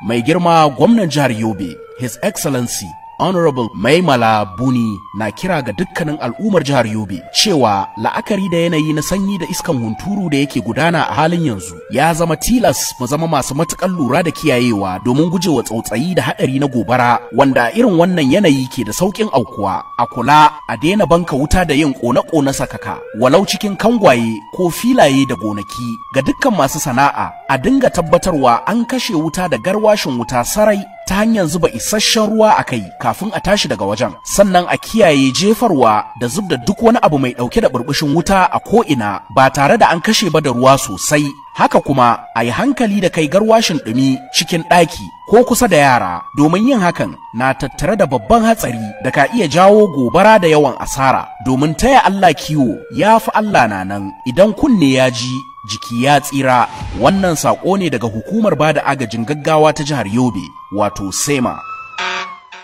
mai girma gwamnan jihar yobe his excellency Honorable Maimala Buni na kira ga dukkanin al'ummar jihar Yobe cewa la'akari da yanayi na sanyi da iskan hunturu da yake gudana a halin yanzu ya zama tilas mu zama masu matukan lura da kiyayewa domin gujewa tsautsayi da hadari na gobara wanda irin wannan yanayi ke da saukin aukuwa a kula a daina banka wuta da yin kona-kona sakaka walau cikin kangwaye ko filaye da gonaki ga dukkan masu sana'a a dinga tabbatarwa an kashe wuta da garwashin wuta sarai ta hanyar zuba isasshen ruwa a kai kafin a tashi daga wajen sannan a kiyaye jefarwa da zub duk wani abu mai ɗauke da burbushin wuta a ko'ina ba tare da an kashe ba da ruwa sosai Haka kuma a yi hankali da kai garwashin ɗumi cikin ɗaki ko kusa da yara domin yin hakan na tattare da babban hatsari da ka iya jawo gobara da yawan asara domin taya Allah kiwo ya fi Allah na nan idan kunne ya ji jiki ya tsira wannan saƙo ne daga hukumar bada agajin gaggawa ta jihar Yobe wato SEMA.